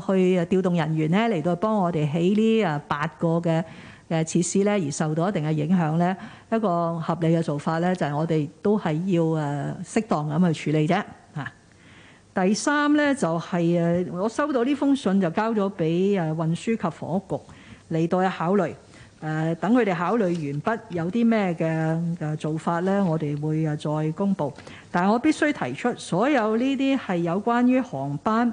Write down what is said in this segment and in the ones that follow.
去誒調動人員呢，嚟到幫我哋起呢誒八個嘅誒設施呢，而受到一定嘅影響呢。一個合理嘅做法呢，就係、是、我哋都係要誒適、啊、當咁去處理啫吓、啊。第三呢，就係、是、誒，我收到呢封信就交咗俾誒運輸及房屋局嚟到去考慮誒、啊，等佢哋考慮完畢有啲咩嘅誒做法呢，我哋會誒再公布。但係我必須提出，所有呢啲係有關於航班。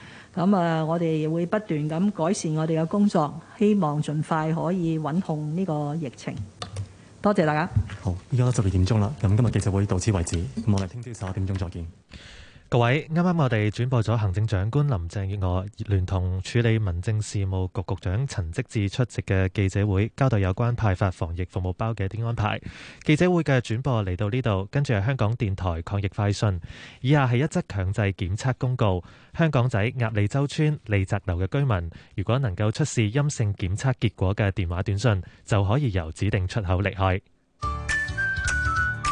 咁啊，我哋會不斷咁改善我哋嘅工作，希望盡快可以穩控呢個疫情。多謝大家。好，依家十二點鐘啦。咁今日記者會到此為止。咁我哋聽朝十一點鐘再見。各位，啱啱我哋轉播咗行政長官林鄭月娥聯同處理民政事務局局長陳積志出席嘅記者會，交代有關派發防疫服務包嘅啲安排。記者會嘅轉播嚟到呢度，跟住係香港電台抗疫快訊。以下係一則強制檢測公告：香港仔鴨脷洲邨利澤樓嘅居民，如果能夠出示陰性檢測結果嘅電話短信，就可以由指定出口離開。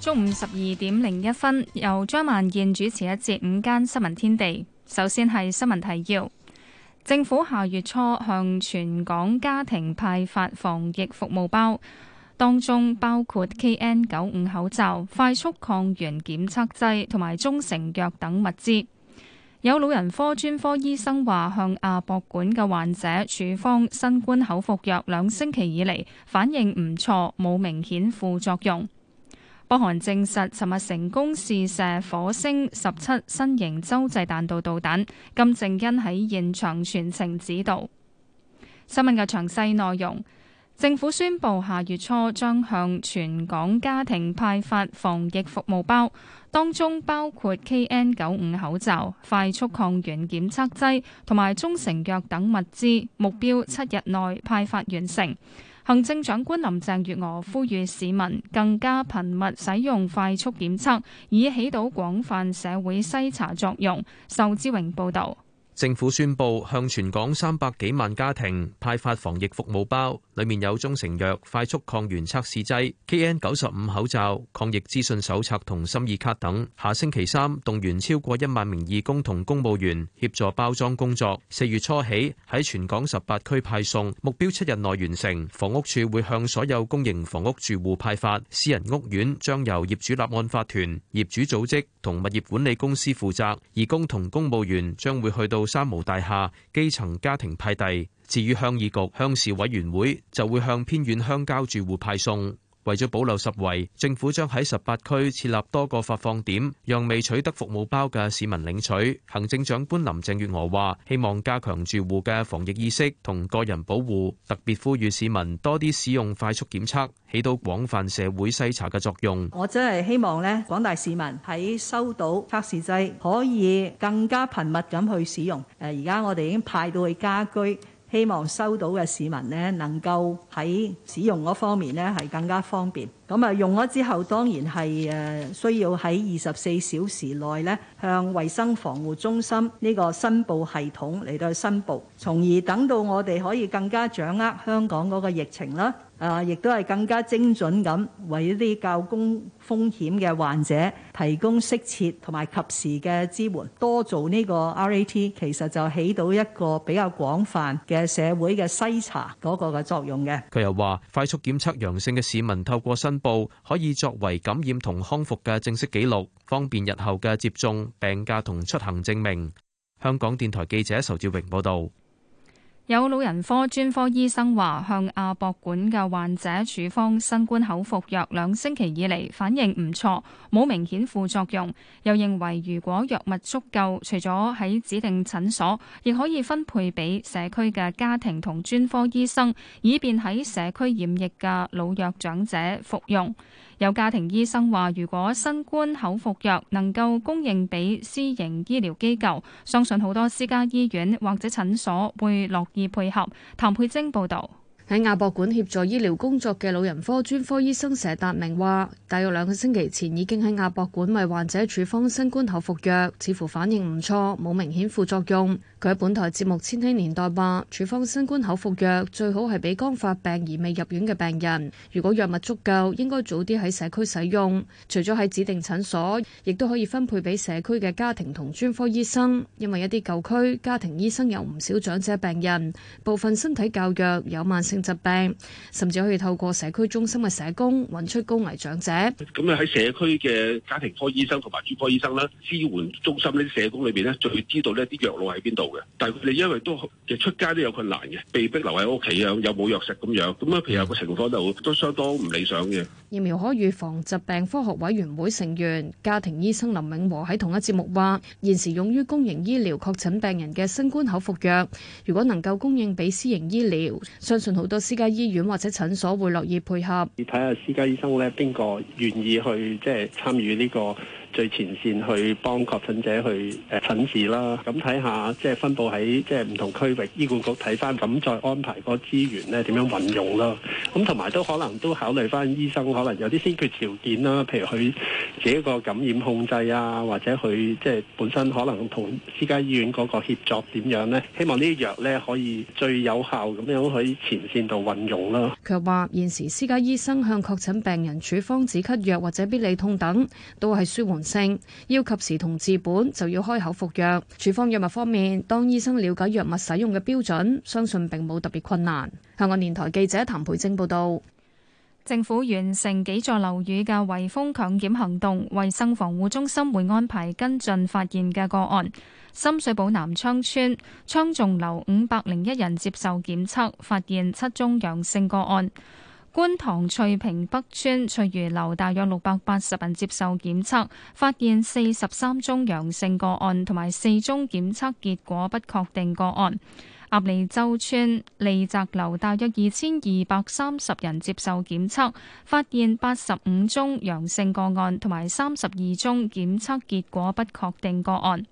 中午十二點零一分，由張萬健主持一節午間新聞天地。首先係新聞提要：政府下月初向全港家庭派發防疫服務包，當中包括 KN 九五口罩、快速抗原檢測劑同埋中成藥等物資。有老人科專科醫生話，向亞博館嘅患者處方新冠口服藥兩星期以嚟反應唔錯，冇明顯副作用。北韓證實尋日成功試射火星十七新型洲際彈道導彈，金正恩喺現場全程指導。新聞嘅詳細內容，政府宣布下月初將向全港家庭派發防疫服務包，當中包括 KN 九五口罩、快速抗原檢測劑同埋中成藥等物資，目標七日內派發完成。行政長官林鄭月娥呼籲市民更加頻密使用快速檢測，以起到廣泛社會篩查作用。仇之榮報導。政府宣布，向全港三百幾萬家庭派發防疫服務包，裏面有中成藥、快速抗原測試劑、KN 九十五口罩、抗疫資訊手冊同心意卡等。下星期三動員超過一萬名義工同公務員協助包裝工作。四月初起喺全港十八區派送，目標七日內完成。房屋處會向所有公營房屋住戶派發，私人屋苑將由業主立案法團、業主組織同物業管理公司負責。義工同公務員將會去到。三無大廈、基層家庭派遞，至於鄉議局、鄉事委員會，就會向偏遠鄉郊住戶派送。為咗保留十圍，政府將喺十八區設立多個發放點，讓未取得服務包嘅市民領取。行政長官林鄭月娥話：，希望加強住戶嘅防疫意識同個人保護，特別呼籲市民多啲使用快速檢測，起到廣泛社會篩查嘅作用。我真係希望呢，廣大市民喺收到測試劑，可以更加頻密咁去使用。誒，而家我哋已經派到去家居。希望收到嘅市民呢，能夠喺使用嗰方面呢，係更加方便。咁啊，用咗之後，當然係誒需要喺二十四小時內呢，向衛生防護中心呢個申報系統嚟到申報，從而等到我哋可以更加掌握香港嗰個疫情啦。啊！亦都係更加精準咁，為一啲較高風險嘅患者提供適切同埋及時嘅支援。多做呢個 RAT，其實就起到一個比較廣泛嘅社會嘅篩查嗰個嘅作用嘅。佢又話：快速檢測陽性嘅市民透過申報，可以作為感染同康復嘅正式記錄，方便日後嘅接種、病假同出行證明。香港電台記者仇志榮報道。有老人科專科醫生話，向亞博館嘅患者處方新冠口服藥兩星期以嚟反應唔錯，冇明顯副作用。又認為如果藥物足夠，除咗喺指定診所，亦可以分配俾社區嘅家庭同專科醫生，以便喺社區染疫嘅老弱長者服用。有家庭醫生話，如果新冠口服藥能夠供應俾私營醫療機構，相信好多私家醫院或者診所會樂意配合。譚佩晶報導，喺亞博館協助醫療工作嘅老人科專科醫生佘達明話，大約兩個星期前已經喺亞博館為患者處方新冠口服藥，似乎反應唔錯，冇明顯副作用。佢喺本台節目《千禧年代》話：處方新冠口服藥最好係俾剛發病而未入院嘅病人。如果藥物足夠，應該早啲喺社區使用。除咗喺指定診所，亦都可以分配俾社區嘅家庭同專科醫生。因為一啲舊區家庭醫生有唔少長者病人，部分身體較弱，有慢性疾病，甚至可以透過社區中心嘅社工揾出高危長者。咁啊喺社區嘅家庭科醫生同埋專科醫生啦，支援中心呢啲社工裏邊咧，最知道呢啲藥路喺邊度。但係你因為都出街都有困難嘅，被逼留喺屋企啊，有冇藥食咁樣，咁啊，譬如有個情況就都相當唔理想嘅。疫苗可預防疾病科學委員會成員、家庭醫生林永和喺同一節目話，現時用於公營醫療確診病人嘅新冠口服藥，如果能夠供應俾私營醫療，相信好多私家醫院或者診所會樂意配合。你睇下私家醫生咧，邊個願意去即係參與呢個？最前線去幫確診者去誒診治啦，咁睇下即係分布喺即係唔同區域，醫管局睇翻，咁再安排個資源咧點樣運用啦，咁同埋都可能都考慮翻醫生可能有啲先決條件啦，譬如，佢自己個感染控制啊，或者佢即係本身可能同私家醫院嗰個協作點樣咧。希望呢啲藥咧可以最有效咁樣喺前線度運用啦。佢話現時私家醫生向確診病人處方止咳藥或者必理痛等，都係舒緩。升要及時同治本，就要開口服藥。處方藥物方面，當醫生了解藥物使用嘅標準，相信並冇特別困難。香港電台記者譚培晶報道。政府完成幾座樓宇嘅圍封強檢行動，衛生防護中心會安排跟進發現嘅個案。深水埗南昌村昌頌樓五百零一人接受檢測，發現七宗陽性個案。觀塘翠屏北村翠如樓，大約六百八十人接受檢測，發現四十三宗陽性個案，同埋四宗檢測結果不確定個案。鴨脷洲村利澤樓，大約二千二百三十人接受檢測，發現八十五宗陽性個案，同埋三十二宗檢測結果不確定個案。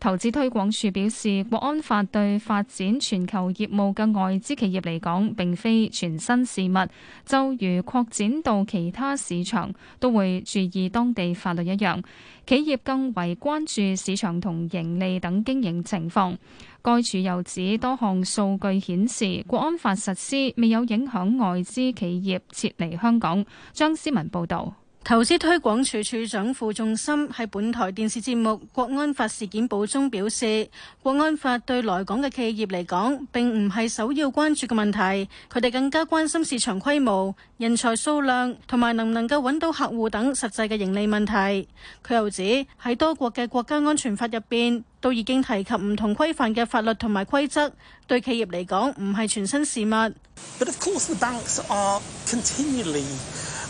投資推廣署表示，國安法對發展全球業務嘅外資企業嚟講並非全新事物，就如擴展到其他市場都會注意當地法律一樣，企業更為關注市場同盈利等經營情況。該署又指，多項數據顯示，國安法實施未有影響外資企業撤離香港。張思文報導。投資推廣處處長傅仲森喺本台電視節目《國安法事件簿》中表示，國安法對來港嘅企業嚟講，並唔係首要關注嘅問題，佢哋更加關心市場規模、人才數量同埋能唔能夠揾到客戶等實際嘅盈利問題。佢又指喺多國嘅國家安全法入邊，都已經提及唔同規範嘅法律同埋規則，對企業嚟講唔係全新事物。But of course, the banks are continually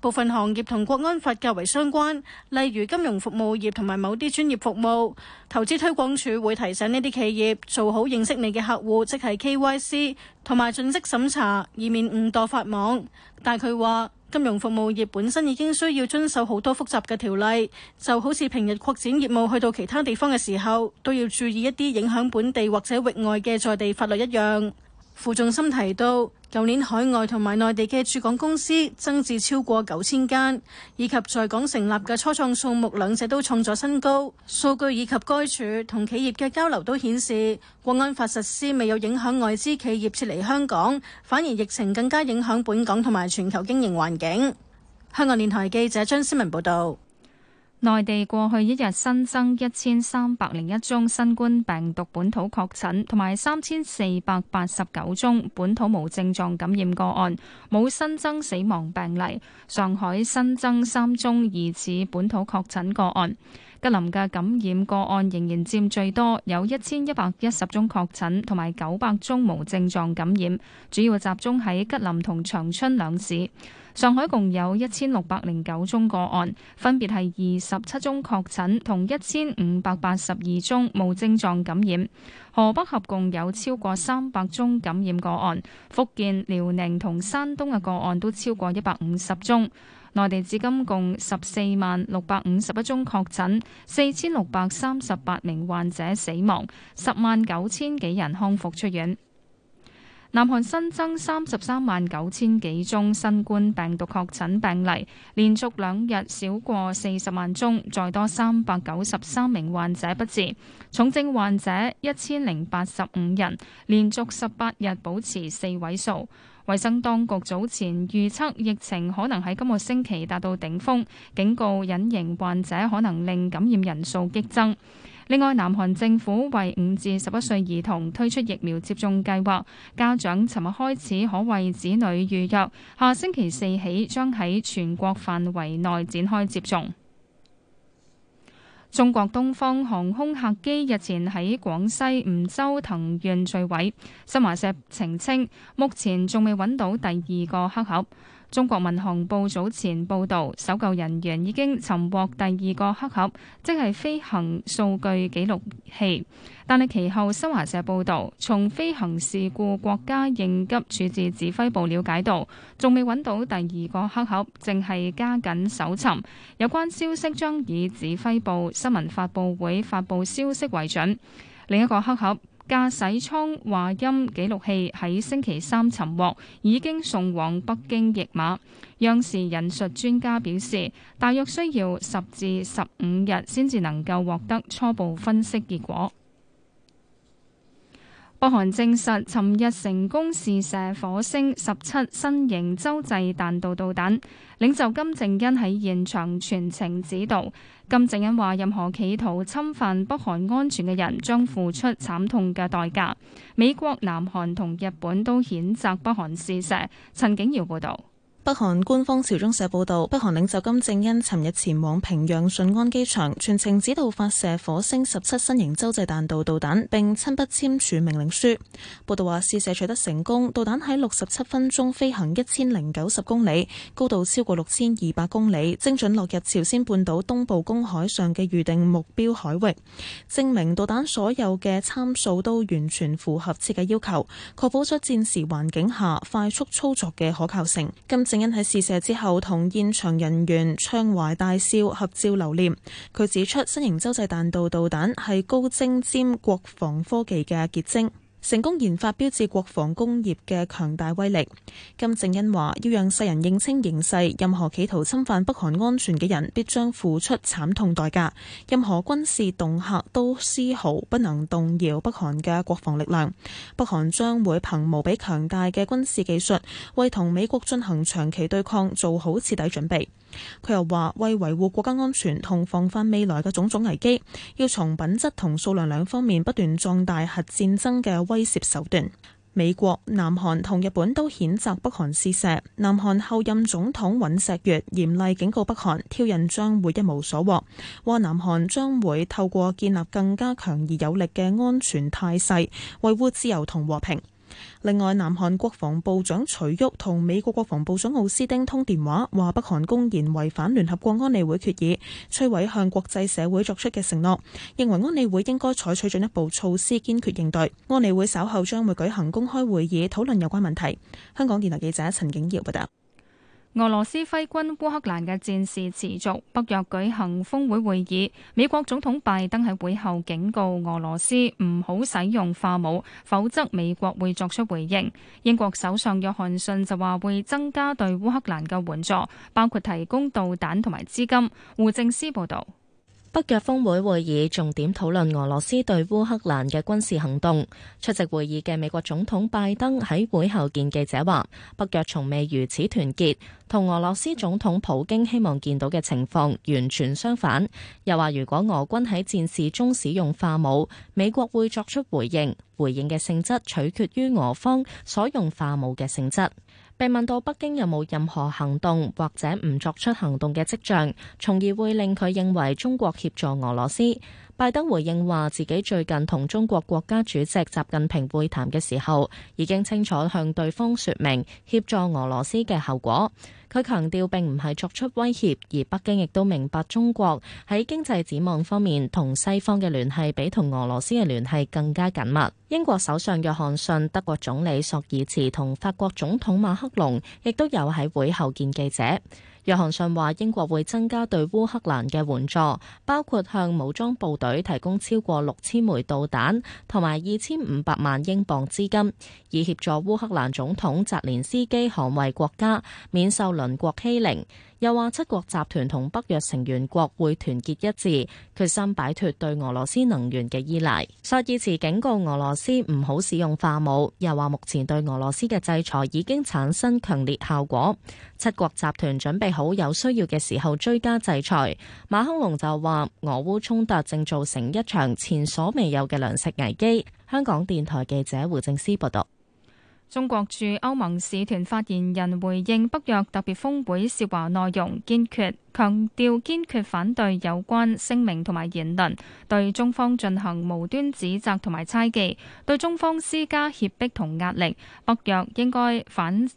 部分行業同國安法較為相關，例如金融服務業同埋某啲專業服務。投資推廣署會提醒呢啲企業做好認識你嘅客戶，即係 KYC，同埋盡職審查，以免誤墮法網。但佢話，金融服務業本身已經需要遵守好多複雜嘅條例，就好似平日擴展業務去到其他地方嘅時候，都要注意一啲影響本地或者域外嘅在地法律一樣。傅仲森提到。舊年海外同埋內地嘅駐港公司增至超過九千間，以及在港成立嘅初創數目兩者都創咗新高。數據以及該處同企業嘅交流都顯示，國安法實施未有影響外資企業撤離香港，反而疫情更加影響本港同埋全球經營環境。香港電台記者張思文報道。內地過去一日新增一千三百零一宗新冠病毒本土確診，同埋三千四百八十九宗本土無症狀感染個案，冇新增死亡病例。上海新增三宗疑似本土確診個案。吉林嘅感染個案仍然佔最多，有一千一百一十宗確診，同埋九百宗無症狀感染，主要集中喺吉林同長春兩市。上海共有一千六百零九宗個案，分別係二十七宗確診同一千五百八十二宗無症狀感染。河北合共有超過三百宗感染個案，福建、遼寧同山東嘅個案都超過一百五十宗。內地至今共十四萬六百五十一宗確診，四千六百三十八名患者死亡，十萬九千幾人康復出院。南韓新增三十三萬九千幾宗新冠病毒確診病例，連續兩日少過四十萬宗，再多三百九十三名患者不治。重症患者一千零八十五人，連續十八日保持四位數。衛生當局早前預測疫情可能喺今個星期達到頂峰，警告隱形患者可能令感染人數激增。另外，南韓政府為五至十一歲兒童推出疫苗接種計劃，家長尋日開始可為子女預約，下星期四起將喺全國範圍內展開接種。中國東方航空客機日前喺廣西梧州藤縣墜毀，新華社澄清，目前仲未揾到第二個黑盒。中國民航報早前報導，搜救人員已經尋獲第二個黑盒，即係飛行數據記錄器。但係其後新華社報導，從飛行事故國家應急處置指揮部了解到，仲未揾到第二個黑盒，正係加緊搜尋。有關消息將以指揮部新聞發佈會發佈消息為準。另一個黑盒駕駛艙話音記錄器喺星期三尋獲，已經送往北京譯碼。央視引述專家表示，大約需要十至十五日先至能夠獲得初步分析結果。北韓證實，尋日成功試射火星十七新型洲際彈道導彈。領袖金正恩喺現場全程指導。金正恩話：任何企圖侵犯北韓安全嘅人，將付出慘痛嘅代價。美國、南韓同日本都譴責北韓試射。陳景瑤報道。北韓官方朝中社報導，北韓領袖金正恩尋日前往平壤順安機場，全程指導發射火星十七新型洲際彈道導彈並親筆簽署命令書。報導話試射取得成功，導彈喺六十七分鐘飛行一千零九十公里，高度超過六千二百公里，精準落入朝鮮半島東部公海上嘅預定目標海域，證明導彈所有嘅參數都完全符合設計要求，確保咗戰時環境下快速操作嘅可靠性。金正因喺試射之後，同現場人員暢懷大笑，合照留念。佢指出，新型洲際彈道導彈係高精尖國防科技嘅結晶。成功研發標誌國防工業嘅強大威力。金正恩話：要讓世人認清形勢，任何企圖侵犯北韓安全嘅人，必將付出慘痛代價。任何軍事恫嚇都絲毫不能動搖北韓嘅國防力量。北韓將會憑無比強大嘅軍事技術，為同美國進行長期對抗做好徹底準備。佢又話：為維護國家安全同防範未來嘅種種危機，要從品質同數量兩方面不斷壯大核戰爭嘅威懾手段。美國、南韓同日本都譴責北韓試射。南韓候任總統尹錫悦嚴厲警告北韓，挑釁將會一無所獲。話南韓將會透過建立更加強而有力嘅安全態勢，維護自由同和,和平。另外，南韓國防部長徐旭同美國國防部長奧斯丁通電話，話北韓公然違反聯合國安理會決議，摧毀向國際社會作出嘅承諾，認為安理會應該採取進一步措施，堅決應對。安理會稍後將會舉行公開會議，討論有關問題。香港電台記者陳景耀報道。俄羅斯揮軍烏克蘭嘅戰事持續，北約舉行峰會會議。美國總統拜登喺會後警告俄羅斯唔好使用化武，否則美國會作出回應。英國首相約翰遜就話會增加對烏克蘭嘅援助，包括提供導彈同埋資金。胡正思報道。北約峰會會議重點討論俄羅斯對烏克蘭嘅軍事行動。出席會議嘅美國總統拜登喺會後見記者話，北約從未如此團結，同俄羅斯總統普京希望見到嘅情況完全相反。又話，如果俄軍喺戰事中使用化武，美國會作出回應，回應嘅性質取決於俄方所用化武嘅性質。被問到北京有冇任何行動或者唔作出行動嘅跡象，從而會令佢認為中國協助俄羅斯。拜登回應話，自己最近同中國國家主席習近平會談嘅時候，已經清楚向對方說明協助俄羅斯嘅後果。佢強調，並唔係作出威脅，而北京亦都明白中國喺經濟展望方面同西方嘅聯繫比同俄羅斯嘅聯繫更加緊密。英國首相約翰遜、德國總理索爾茨同法國總統馬克龍亦都有喺會後見記者。約翰遜話：英國會增加對烏克蘭嘅援助，包括向武裝部隊提供超過六千枚導彈，同埋二千五百萬英鎊資金，以協助烏克蘭總統澤連斯基捍衛國家，免受鄰國欺凌。又話七國集團同北約成員國會團結一致，決心擺脱對俄羅斯能源嘅依賴。朔爾茨警告俄羅斯唔好使用化武，又話目前對俄羅斯嘅制裁已經產生強烈效果。七國集團準備好有需要嘅時候追加制裁。馬克龍就話俄烏衝突正造成一場前所未有嘅糧食危機。香港電台記者胡正思報道。中國駐歐盟使團發言人回應北約特別峰會涉華內容，堅決強調堅決反對有關聲明同埋言論，對中方進行無端指責同埋猜忌，對中方施加脅迫同壓力。北約應該反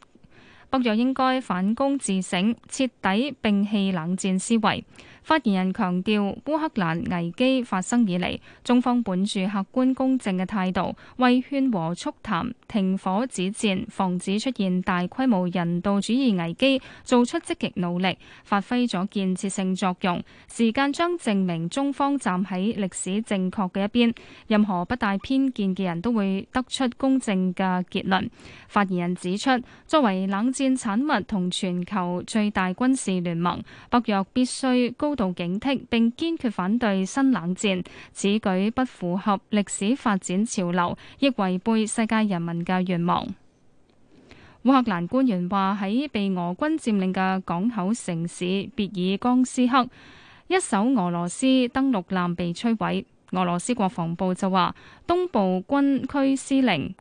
北約應該反躬自省，徹底摒棄冷戰思維。發言人強調，烏克蘭危機發生以嚟，中方本着客觀公正嘅態度，為勸和促談、停火止戰、防止出現大規模人道主義危機，做出積極努力，發揮咗建設性作用。時間將證明中方站喺歷史正確嘅一邊，任何不帶偏見嘅人都會得出公正嘅結論。發言人指出，作為冷戰產物同全球最大軍事聯盟，北約必須高高度警惕，並堅決反對新冷戰。此舉不符合歷史發展潮流，亦違背世界人民嘅願望。烏克蘭官員話喺被俄軍佔領嘅港口城市別爾江斯克，一艘俄羅斯登陸艦被摧毀。俄羅斯國防部就話，東部軍區司令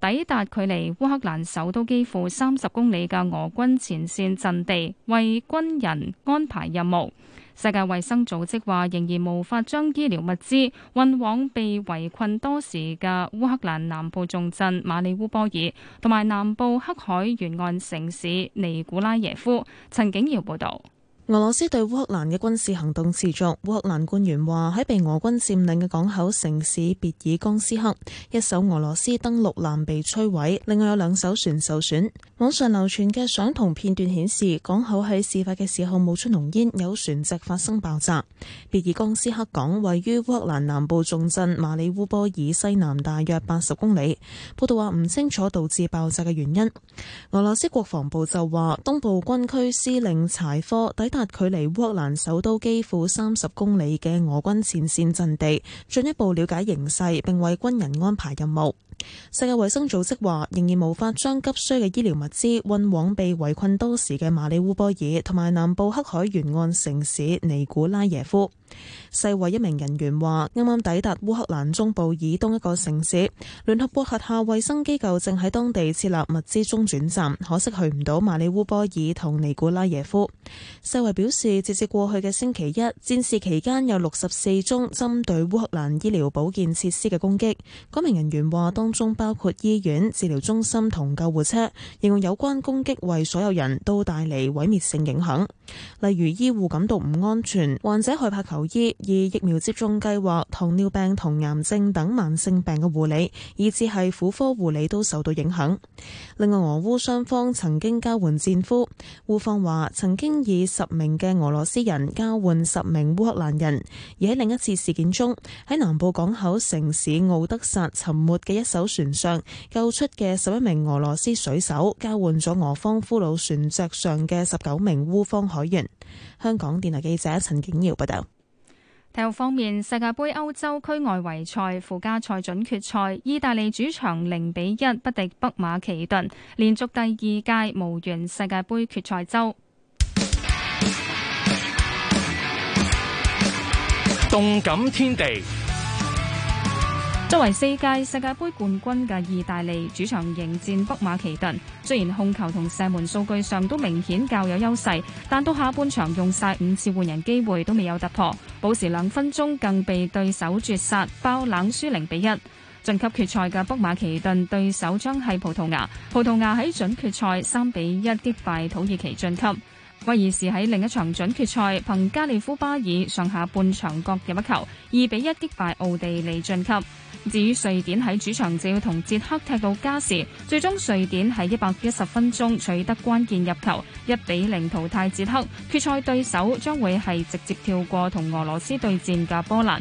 抵達距離烏克蘭首都幾乎三十公里嘅俄軍前線陣地，為軍人安排任務。世界衛生組織話，仍然無法將醫療物資運往被圍困多時嘅烏克蘭南部重鎮馬里烏波爾，同埋南部黑海沿岸城市尼古拉耶夫。陳景瑤報導。俄羅斯對烏克蘭嘅軍事行動持續。烏克蘭官員話，喺被俄軍佔領嘅港口城市別爾江斯克，一艘俄羅斯登陸艦被摧毀，另外有兩艘船受損。網上流傳嘅相同片段顯示，港口喺事發嘅時候冒出濃煙，有船隻發生爆炸。別爾江斯克港位於烏克蘭南部重鎮馬里烏波爾西南大約八十公里。報道話唔清楚導致爆炸嘅原因。俄羅斯國防部就話東部軍區司令柴科抵。距離烏克蘭首都幾乎三十公里嘅俄軍前綫陣地，進一步了解形勢，並為軍人安排任務。世界衛生組織話，仍然無法將急需嘅醫療物資運往被圍困多時嘅馬里烏波爾同埋南部黑海沿岸城市尼古拉耶夫。世衛一名人員話，啱啱抵達烏克蘭中部以東一個城市，聯合國轄下衛生機構正喺當地設立物資中轉站，可惜去唔到馬里烏波爾同尼古拉耶夫。世衛表示，截至過去嘅星期一，戰事期間有六十四宗針對烏克蘭醫療保健設施嘅攻擊。嗰名人員話，當中包括醫院、治療中心同救護車，形容有關攻擊為所有人都帶嚟毀滅性影響，例如醫護感到唔安全，患者害怕求求醫，以疫苗接種計劃、糖尿病同癌症等慢性病嘅護理，以至係婦科護理都受到影響。另外，俄烏雙方曾經交換戰俘，烏方話曾經以十名嘅俄羅斯人交換十名烏克蘭人，而喺另一次事件中，喺南部港口城市敖德薩沉沒嘅一艘船上救出嘅十一名俄羅斯水手，交換咗俄方俘虜船隻上嘅十九名烏方海員。香港電台記者陳景瑤報道。體育方面，世界盃歐洲區外圍賽附加賽準決賽，意大利主場零比一不敵北馬其頓，連續第二屆無緣世界盃決賽周。動感天地。作為四屆世界杯冠軍嘅意大利主場迎戰北馬其頓，雖然控球同射門數據上都明顯較有優勢，但到下半場用晒五次換人機會都未有突破，補時兩分鐘更被對手絕殺，爆冷輸零比一。晉級決賽嘅北馬其頓對手將係葡萄牙。葡萄牙喺準決賽三比一擊敗土耳其晉級，威爾士喺另一場準決賽憑加利夫巴爾上下半場各入一球，二比一擊敗奧地利晉級。至於瑞典喺主場就要同捷克踢到加時，最終瑞典喺一百一十分鐘取得關鍵入球，一比零淘汰捷克。決賽對手將會係直接跳過同俄羅斯對戰嘅波蘭。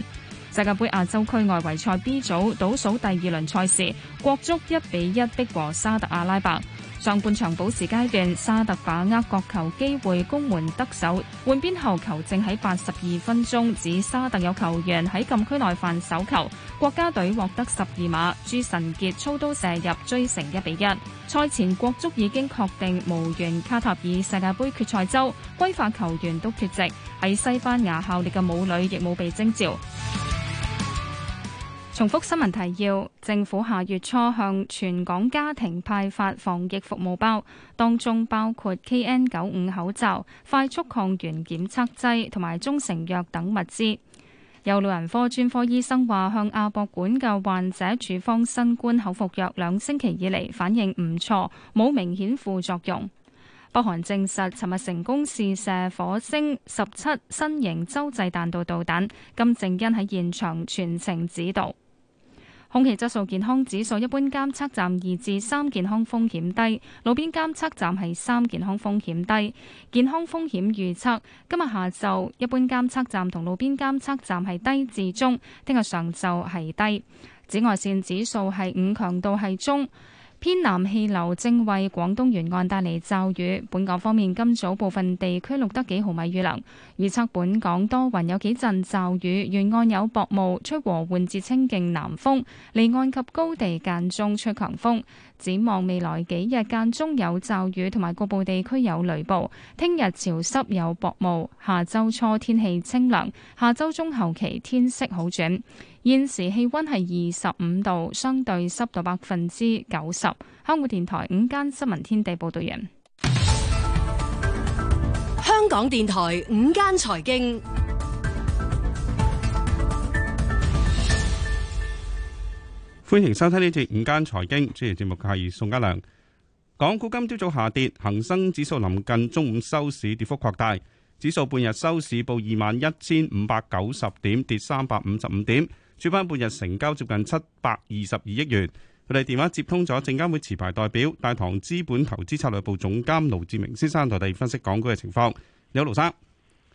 世界盃亞洲區外圍賽 B 組倒數第二輪賽事，國足一比一逼和沙特阿拉伯。上半場補時階段，沙特把握角球機會攻門得手。換邊後球證喺八十二分鐘，指沙特有球員喺禁區內犯手球，國家隊獲得十二碼，朱辰傑操刀射入追成一比一。賽前國足已經確定無緣卡塔爾世界盃決賽周，歸化球員都缺席，喺西班牙效力嘅母女亦冇被徵召。重複新聞提要：政府下月初向全港家庭派發防疫服務包，當中包括 KN 九五口罩、快速抗原檢測劑同埋中成藥等物資。有老人科專科醫生話，向亞博館嘅患者處方新冠口服藥兩星期以嚟反應唔錯，冇明顯副作用。北韓證實，尋日成功試射火星十七新型洲際彈道導彈。金正恩喺現場全程指導。空氣質素健康指數一般監測站二至三，健康風險低，路邊監測站係三，健康風險低。健康風險預測今日下晝一般監測站同路邊監測站係低至中，聽日上晝係低。紫外線指數係五，強度係中。偏南氣流正為廣東沿岸帶嚟驟雨，本港方面今早部分地區錄得幾毫米雨量。預測本港多雲有幾陣驟雨，沿岸有薄霧，吹和緩至清勁南風，離岸及高地間中吹強風。展望未來幾日間中有驟雨同埋局部地區有雷暴。聽日潮濕有薄霧，下周初天氣清涼，下周中後期天色好轉。現時氣溫係二十五度，相對濕度百分之九十。香港電台午間新聞天地報道員，香港電台午間財經，歡迎收聽呢節午間財經。主持節目嘅係宋家良。港股今朝早下跌，恒生指數臨近中午收市跌幅擴大，指數半日收市報二萬一千五百九十點，跌三百五十五點。轉翻半日，成交接近七百二十二億元。佢哋電話接通咗證監會持牌代表大堂資本投資策略部總監盧志明先生，同佢哋分析港股嘅情況。你好，盧生，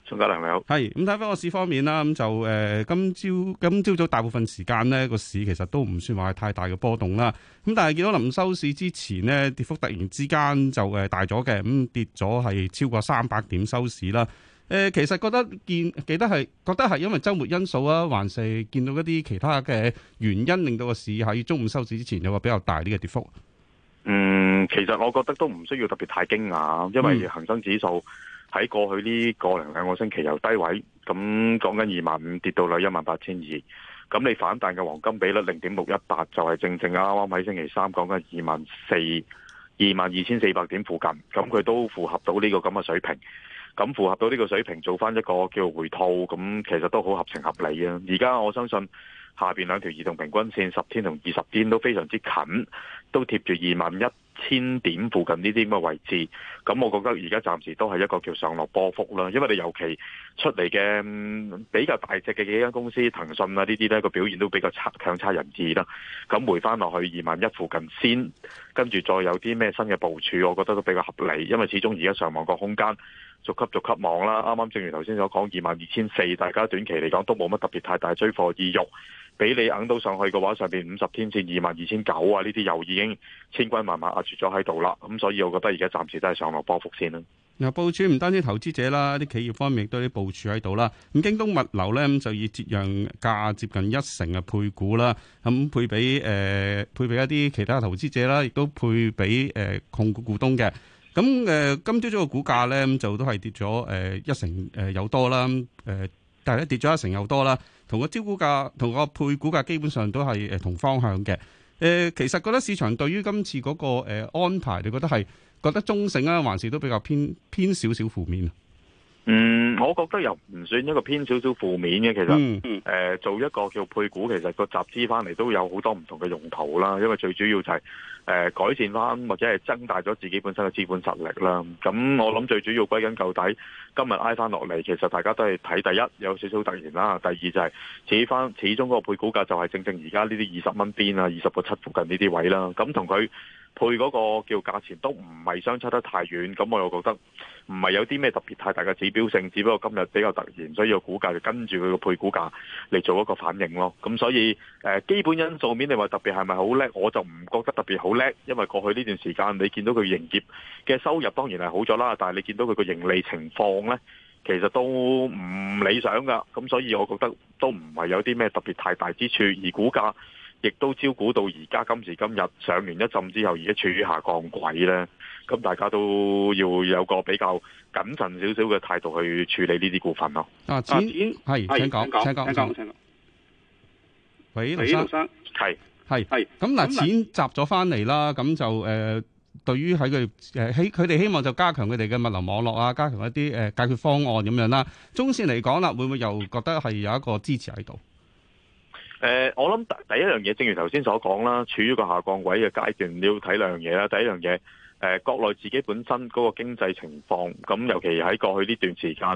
宋家良，你好。係咁睇翻個市方面啦，咁就誒、呃、今朝今朝早大部分時間呢個市其實都唔算話係太大嘅波動啦。咁但係見到臨收市之前呢，跌幅突然之間就誒大咗嘅，咁跌咗係超過三百點收市啦。誒，其實覺得見記得係覺得係因為周末因素啊，還是見到一啲其他嘅原因，令到個市喺中午收市之前有個比較大啲嘅跌幅。嗯，其實我覺得都唔需要特別太驚訝，因為恆生指數喺過去呢個零兩,兩個星期由低位，咁講緊二萬五跌到啦一萬八千二，咁你反彈嘅黃金比率零點六一八就係正正啱啱喺星期三講緊二萬四、二萬二千四百點附近，咁佢都符合到呢個咁嘅水平。咁符合到呢個水平，做翻一個叫回吐，咁其實都好合情合理啊！而家我相信下邊兩條移動平均線十天同二十天都非常之近，都貼住二萬一千點附近呢啲咁嘅位置。咁我覺得而家暫時都係一個叫上落波幅啦，因為你尤其出嚟嘅、嗯、比較大隻嘅幾間公司，騰訊啊呢啲咧個表現都比較差，強差人意啦。咁回翻落去二萬一附近先，跟住再有啲咩新嘅部署，我覺得都比較合理，因為始終而家上網個空間。逐級逐級望啦，啱啱正如頭先所講，二萬二千四，大家短期嚟講都冇乜特別太大追貨意欲。俾你揞到上去嘅話，上邊五十天線二萬二千九啊，呢啲又已經千軍萬馬壓住咗喺度啦。咁所以，我覺得而家暫時都係上落波幅先啦。嗱，部署唔單止投資者啦，啲企業方面亦都有啲部署喺度啦。咁京東物流咧，咁就以折讓價接近一成嘅配股啦，咁配俾誒、呃、配俾一啲其他投資者啦，亦都配俾誒、呃、控股股東嘅。咁誒，今朝早個股價咧，咁就都係跌咗誒一成誒有多啦，誒，但係咧跌咗一成有多啦，同個招股價，同個配股價基本上都係誒同方向嘅。誒，其實覺得市場對於今次嗰個誒安排，你覺得係覺得中性啊，還是都比較偏偏少少負面？嗯，我覺得又唔算一個偏少少負面嘅，其實，誒、嗯呃、做一個叫配股，其實個集資翻嚟都有好多唔同嘅用途啦。因為最主要就係、是、誒、呃、改善翻或者係增大咗自己本身嘅資本實力啦。咁我諗最主要歸根究底，今日挨翻落嚟，其實大家都係睇第一有少少突然啦，第二就係始翻始終嗰個配股價就係正正而家呢啲二十蚊邊啊、二十個七附近呢啲位啦。咁同佢。配嗰個叫價錢都唔係相差得太遠，咁我又覺得唔係有啲咩特別太大嘅指標性，只不過今日比較突然，所以個股價就跟住佢個配股價嚟做一個反應咯。咁所以誒、呃、基本因素面你話特別係咪好叻，我就唔覺得特別好叻，因為過去呢段時間你見到佢營業嘅收入當然係好咗啦，但係你見到佢個盈利情況咧，其實都唔理想噶，咁所以我覺得都唔係有啲咩特別太大之處，而股價。亦都招股到而家今時今日上完一浸之後，而家處於下降軌咧，咁大家都要有個比較謹慎少少嘅態度去處理呢啲股份咯。啊，錢係，請講，啊，請講，請講。喂，李生，係係係。咁嗱，錢集咗翻嚟啦，咁就誒、呃，對於喺佢誒，希佢哋希望就加強佢哋嘅物流網絡啊，加強一啲誒解決方案咁樣啦。中綫嚟講啦，會唔會又覺得係有一個支持喺度？誒，我諗第第一樣嘢，正如頭先所講啦，處於個下降位嘅階段，你要睇兩樣嘢啦。第一樣嘢，誒、呃，國內自己本身嗰個經濟情況，咁尤其喺過去呢段時間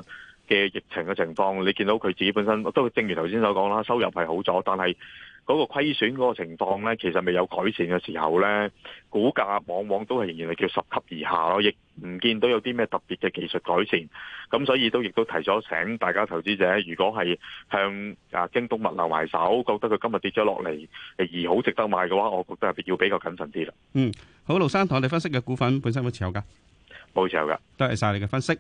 嘅疫情嘅情況，你見到佢自己本身都正如頭先所講啦，收入係好咗，但係。嗰個虧損嗰個情況咧，其實未有改善嘅時候咧，股價往往都係仍然係叫十級以下咯，亦唔見到有啲咩特別嘅技術改善，咁所以都亦都提咗請大家投資者，如果係向啊京東物流埋手，覺得佢今日跌咗落嚟而好值得買嘅話，我覺得係要比較謹慎啲啦。嗯，好，盧生同我哋分析嘅股份本身有冇持有噶？冇持有噶，多謝晒你嘅分析。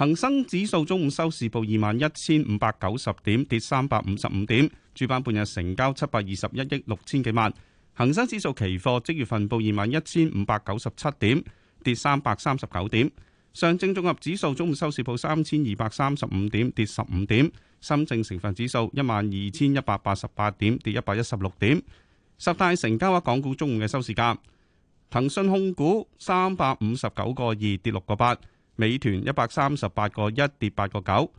恒生指數中午收市報二萬一千五百九十點，跌三百五十五點。主板半日成交七百二十一億六千幾萬。恒生指數期貨即月份報二萬一千五百九十七點，跌三百三十九點。上證綜合指數中午收市報三千二百三十五點，跌十五點。深證成分指數一萬二千一百八十八點，跌一百一十六點。十大成交額，港股中午嘅收市價，騰訊控股三百五十九個二，跌六個八。美團一百三十八個一跌八個九，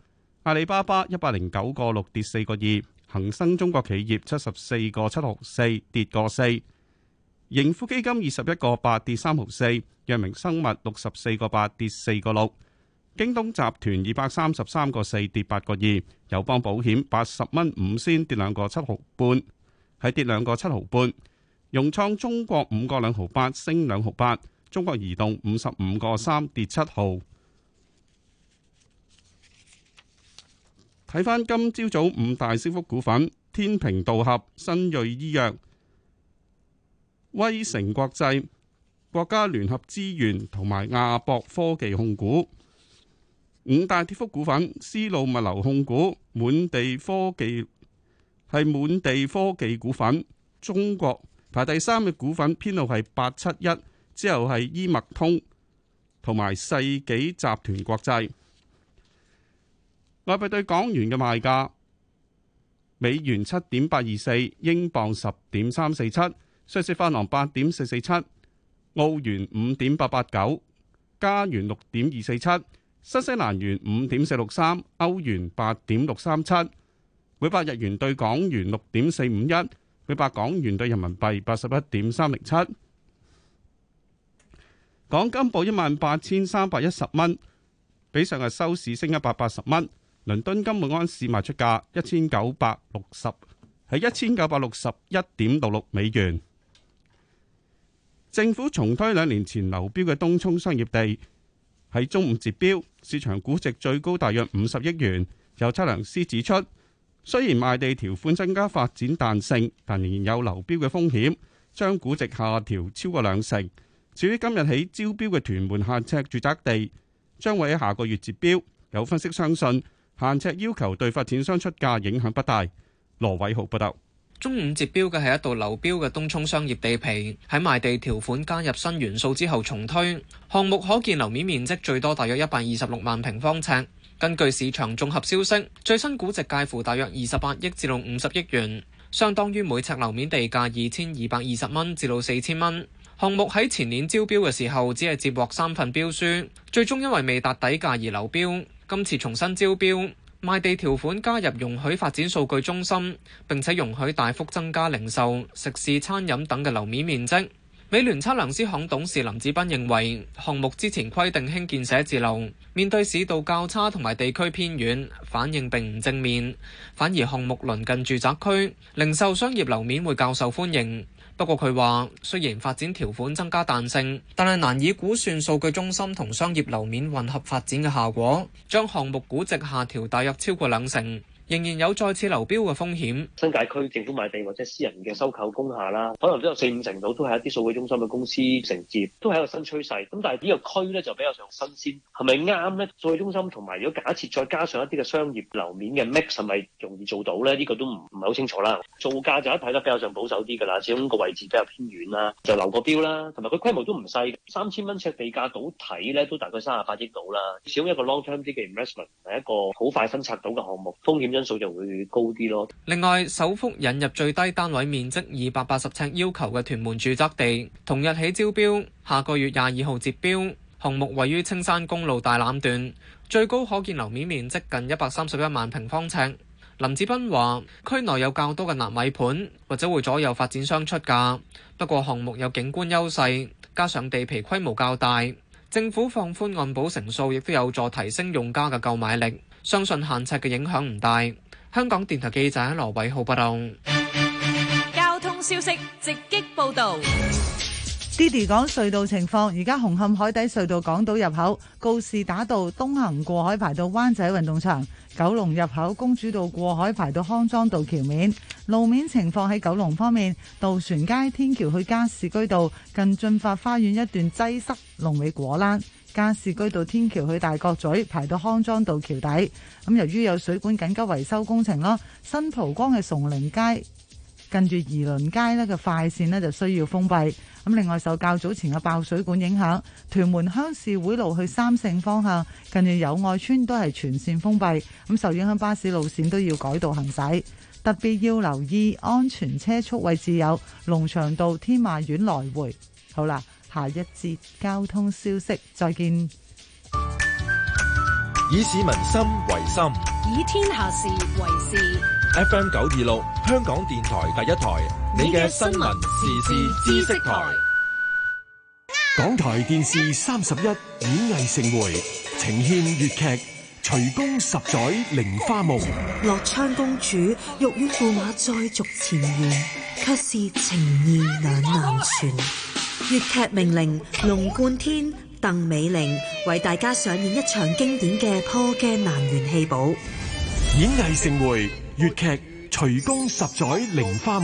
阿里巴巴一百零九個六跌四個二，恒生中國企業七十四個七毫四跌個四，盈富基金二十一個八跌三毫四，藥明生物六十四個八跌四個六，京東集團二百三十三個四跌八個二，友邦保險八十蚊五仙跌兩個七毫半，係跌兩個七毫半，融創中國五個兩毫八升兩毫八，中國移動五十五個三跌七毫。睇翻今朝早五大升幅股份：天平道合、新銳醫藥、威城國際、國家聯合資源同埋亞博科技控股。五大跌幅股份：絲路物流控股、滿地科技係滿地科技股份。中國排第三嘅股份編號係八七一，之後係醫脈通同埋世紀集團國際。外幣對港元嘅賣價：美元七點八二四，英鎊十點三四七，瑞士法郎八點四四七，澳元五點八八九，加元六點二四七，新西蘭元五點四六三，歐元八點六三七，每百日元對港元六點四五一，每百港元對人民幣八十一點三零七。港金報一萬八千三百一十蚊，比上日收市升一百八十蚊。倫敦金本安市賣出價一千九百六十，係一千九百六十一點六六美元。政府重推兩年前流標嘅東涌商業地，喺中午截標，市場估值最高大約五十億元。有測量師指出，雖然賣地條款增加發展彈性，但仍然有流標嘅風險，將估值下調超過兩成。至於今日起招標嘅屯門限尺住宅地，將會喺下個月截標。有分析相信。限尺要求對發展商出價影響不大。羅偉豪報道，中午接標嘅係一度流標嘅東涌商業地皮，喺賣地條款加入新元素之後重推項目，可建樓面面積最多大約一百二十六萬平方尺。根據市場綜合消息，最新估值介乎大約二十八億至到五十億元，相當於每尺樓面地價二千二百二十蚊至到四千蚊。項目喺前年招標嘅時候只係接獲三份標書，最終因為未達底價而流標。今次重新招標，賣地條款加入容許發展數據中心，並且容許大幅增加零售、食肆、餐飲等嘅樓面面積。美聯測量師行董事林志斌認為，項目之前規定興建寫字樓，面對市道較差同埋地區偏遠，反應並唔正面，反而項目鄰近住宅區，零售商業樓面會較受歡迎。不過佢話，雖然發展條款增加彈性，但係難以估算數據中心同商業樓面混合發展嘅效果，將項目估值下調大約超過兩成。仍然有再次流標嘅風險。新界區政府買地或者私人嘅收購工廈啦，可能都有四五成度都係一啲數據中心嘅公司承接，都係一個新趨勢。咁但係呢個區咧就比較上新鮮，係咪啱咧？數據中心同埋如果假設再加上一啲嘅商業樓面嘅 mix 係咪容易做到咧？呢個都唔唔係好清楚啦。造價就一睇得比較上保守啲㗎啦，始終個位置比較偏遠啦，就流個標啦，同埋佢規模都唔細，三千蚊尺地價到睇咧都大概三十八億到啦。始終一個 long term 啲嘅 investment 係一個好快分拆到嘅項目，風險數就會高啲咯。另外，首幅引入最低單位面積二百八十尺要求嘅屯門住宅地，同日起招標，下個月廿二號截標。項目位於青山公路大欖段，最高可建樓面面積近一百三十一萬平方尺。林志斌話：區內有較多嘅納米盤，或者會左右發展商出價。不過，項目有景觀優勢，加上地皮規模較大，政府放寬按保成數，亦都有助提升用家嘅購買力。相信限尺嘅影響唔大。香港電台記者羅偉浩報道。交通消息直擊報道，Didi 講隧道情況，而家紅磡海底隧道港島入口告士打道東行過海排到灣仔運動場。九龍入口公主道過海排到康莊道橋面。路面情況，喺九龍方面，渡船街天橋去加士居道近駿發花園一段擠塞，龍尾果欄；加士居道天橋去大角咀排到康莊道橋底。咁由於有水管緊急維修工程咯，新蒲崗嘅崇齡街近住宜鄰街咧嘅快線咧就需要封閉。咁另外受較早前嘅爆水管影響，屯門鄉事會路去三聖方向，近住友愛村都係全線封閉，咁受影響巴士路線都要改道行駛，特別要留意安全車速位置有龍翔道天馬苑來回。好啦，下一節交通消息，再見。以市民心為心，以天下事為事。FM 九二六，香港電台第一台。你嘅新聞時事知識台，港台電視三十一演藝盛會，呈現粵劇《隋宮十載菱花夢》，樂昌公主欲與駙馬再續前緣，卻是情意兩難全。粵劇名伶龍貫天、鄧美玲為大家上演一場經典嘅《破鏡難圓》戲寶。演藝盛會，粵劇《隋宮十載菱花夢》。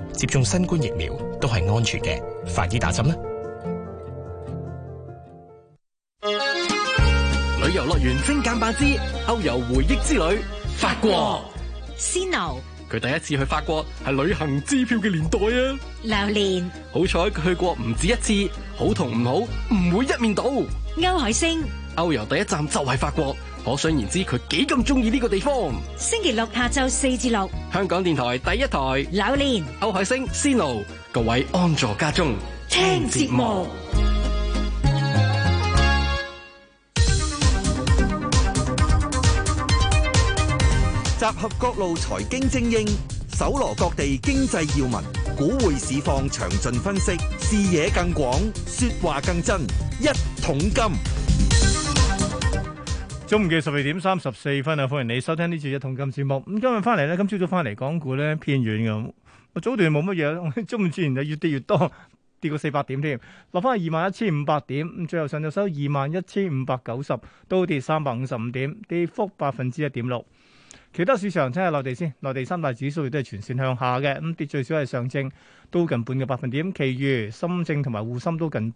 接種新冠疫苗都係安全嘅，快啲打針啦！旅遊樂園精簡版之歐遊回憶之旅，法國。Cino，佢第一次去法國係旅行支票嘅年代啊。劉蓮年，好彩佢去過唔止一次，好同唔好唔會一面倒。歐海星，歐遊第一站就係法國。可想而知，佢幾咁中意呢個地方。星期六下晝四至六，香港電台第一台，柳蓮年、歐海星、Cino，各位安坐家中聽節目。集合各路財經精英，搜羅各地經濟要聞，股匯市況詳盡分析，視野更廣，說話更真，一桶金。中午嘅十二點三十四分啊，歡迎你收聽呢次一桶金節目。咁今日翻嚟呢，今朝早翻嚟，港股呢，偏軟咁。早段冇乜嘢，中午自然就越跌越多，跌過四百點添，落翻去二萬一千五百點。咁最後上晝收二萬一千五百九十，都跌三百五十五點，跌幅百分之一點六。其他市場睇下內地先，內地三大指數亦都係全線向下嘅，咁跌最少係上證，都近半嘅百分點，其餘，深證同埋滬深都近。